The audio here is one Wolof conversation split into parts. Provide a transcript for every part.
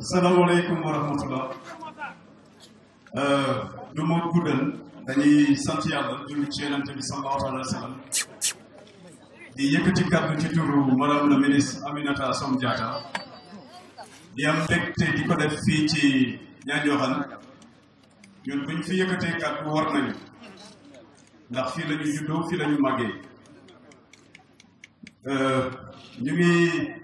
asalaamaaleykum wa rahmatullah euh, du ma guddal dañuy sant yàlla ci yonente bi sallallahu di yëkkati kàddu ci turu madame la ministre Aminata Assome Diatta di am mbégte di ko def fii ci Ñanjoxan ñun buñ fi yëkkatee kàddu war nañu ndax fii la ñu fii la ñu màggee euh, ñu ngi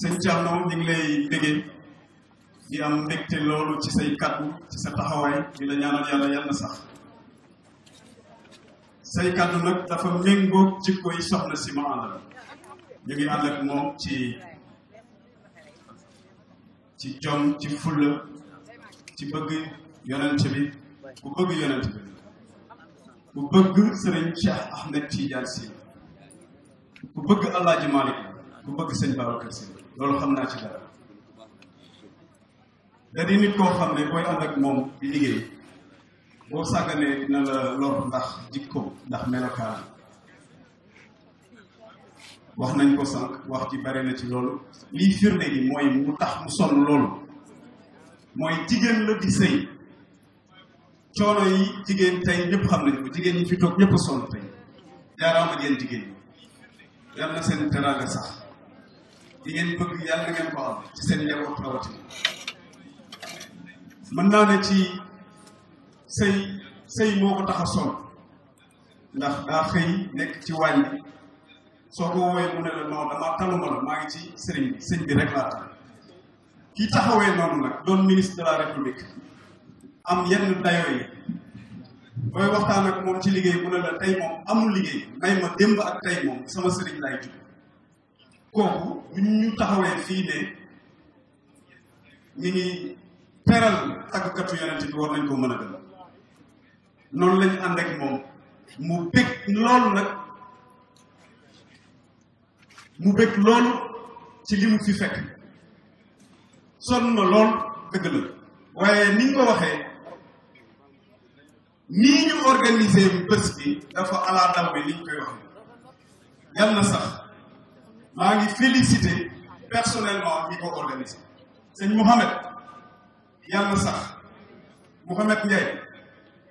sëñ Thierno ñu ngi lay déggee di am mbégte loolu ci say kaddu ci sa taxawaay di la ñaanal yàlla yàlla sax say kaddu nag dafa méngóog jikko yi soxna si ma àndal ñu ngi ànd ak moom ci ci jom ci fulla ci bëgg yonent bi ku bëgg yonent bi ku bëgg sëriñ Cheikh Ahmed Tidiane Sy ku bëgg El Hadj ku bëgg sëñ Babacar Sy loolu xam naa ci dara da di nit koo xam ne booy ànd ak moom di liggéey boo sàgganee dina la lor ndax jikko ndax melokaan wax nañ ko sànq wax ci bare na ci loolu lii firnde gi mooy mu tax mu sonn loolu mooy jigéen la di sëy coono yi jigéen tey ñëpp xam nañ ko jigéen yi fi toog ñëpp a sonn tey jaaraama yéen jigéen yi yal na seen teraanga sax li ngeen bëgg yàlla ngeen ko am ci seen njaboot rawatina mën naa ne ci sëy sëy moo ko tax a ndax daa xëy nekk ci wàññi soo ko woowee mu ne la non damaa taluma la maa ngi ci sëriñ sëñ bi rek laa tax kii taxawee noonu nag doon ministre de république am yenn dayoo yi booy waxtaan ak moom ci liggéey mu ne la tey moom amul liggéey may ma démb ak tey moom sama sëriñ laay tudd kooku bu ñu taxawee fii ne ñu ngi teral tàggkatu yonent bi war nañ ko mën a gën noonu lañu ànd ak moom mu bég loolu nag mu bég loolu ci li mu fi fekk sonn na lool dëgg la waaye ni nga waxee nii ñu organiser bés bi dafa ala daw bi ni ñu koy waxee yàlla na sax maa ngi félicité personnellement ñi ko organisé sëñ Mouhamed yàlla sax Mouhamed Ndiaye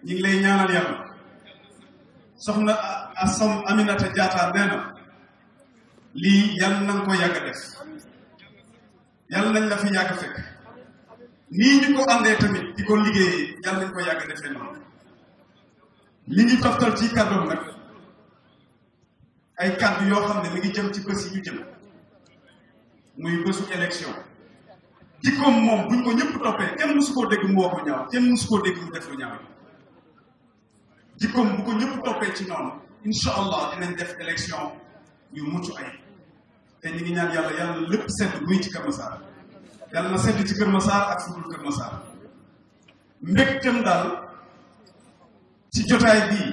ñi ngi lay ñaanal yàlla soxna Assome Aminata Diatta nee na lii yàlla na nga ko yàgg def yàlla nañ la fi yàgg a fekk nii ñu ko àndee tamit di ko liggéeyee yàlla nañ ko yàgg a defee noonu li ñu toftal ci kàddoom nag ay kàddu yoo xam ne mi ngi jëm ci bés yi ñu jëm muy bésu élection jikkoom moom buñ ko ñëpp toppee kenn mësu koo dégg mu wax lu ñaaw kenn mësu koo dégg mu def lu ñaaw jikkoom bu ko ñëpp toppee ci noonu incha allah dinañ def élection yu mucc ay te ñu ngi ñaan yàlla yàlla lépp sedd muy ci Kër Massar yàlla na sedd ci Kër Massar ak fudul Kër Massar mbégtem daal ci jotaay bii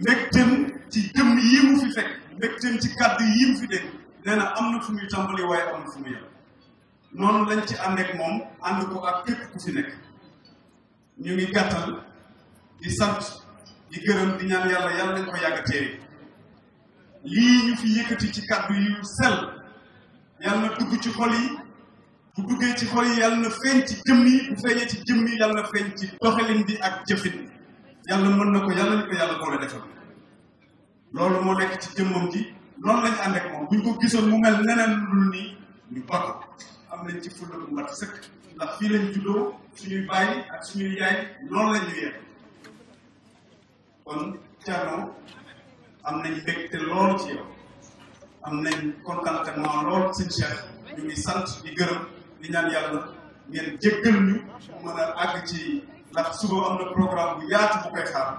mbégtem ci jëmm yii mu fi fekk mbégteem ci kàddu yii mu fi dégg nee na am na fu muy tàmbali waaye am fu muy yem noonu lañ ci ànd ak moom ànd ko ak képp ku fi nekk ñu ngi gàttal di sant di gërëm di ñaan yàlla yàlla nañ ko yàgg teeri lii ñu fi yëkkati ci kàddu yu sell yàlla dugg ci xol yi bu duggee ci xol yi yàlla na feeñ ci jëmm yi bu feeñee ci jëmm yi yàlla feeñ ci doxalin bi ak jëfin yàlla mën na ko yàlla ñu ko yàlla boole defal loolu moo nekk ci jëmmam ji noonu lañu ànd ak moom buñ ko gisoon mu mel neneen lu nii ñu bakk am nañ ci fulla bu mat sëkk ndax fii lañ juddoo suñuy bàyyi ak suñuy yaay noonu lañ ñu yee kon Thierno am nañ mbégte lool ci yow am nañ contentement lool suñu Cheikh ñu ngi sant di gërëm di ñaan yàlla ngeen jéggal ñu mën a àgg ci ndax suba am na programme bu yaatu bu koy xaar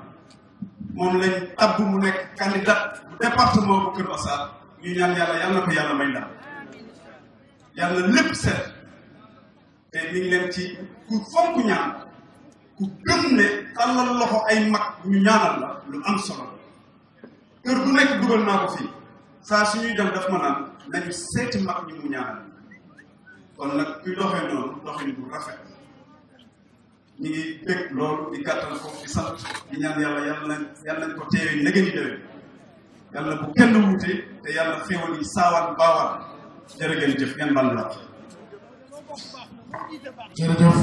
moom lañ tabb mu nekk candidat bu département bu Kër Massar ñu ñaan yàlla yàlla na ko may ndam yàlla lépp set te ñu leen ci ku fonk ñaan ku gëm ne tàllal loxo ay mag ñu ñaanal la lu am solo kër bu nekk dugal naa ko fii saa suñuy dem daf ma nañu seeti mag ñi mu ñaanal kon nag kuy doxee noonu doxin bu rafet ñu ngi fekk loolu di gàttal ko di sant di ñaan yàlla yàlla nañ yàlla nañ ko teewee nege ni déwén yàlla bu kenn wuute te yàlla xéwal yi saawaan baawaan jërë jëf ngeen mën la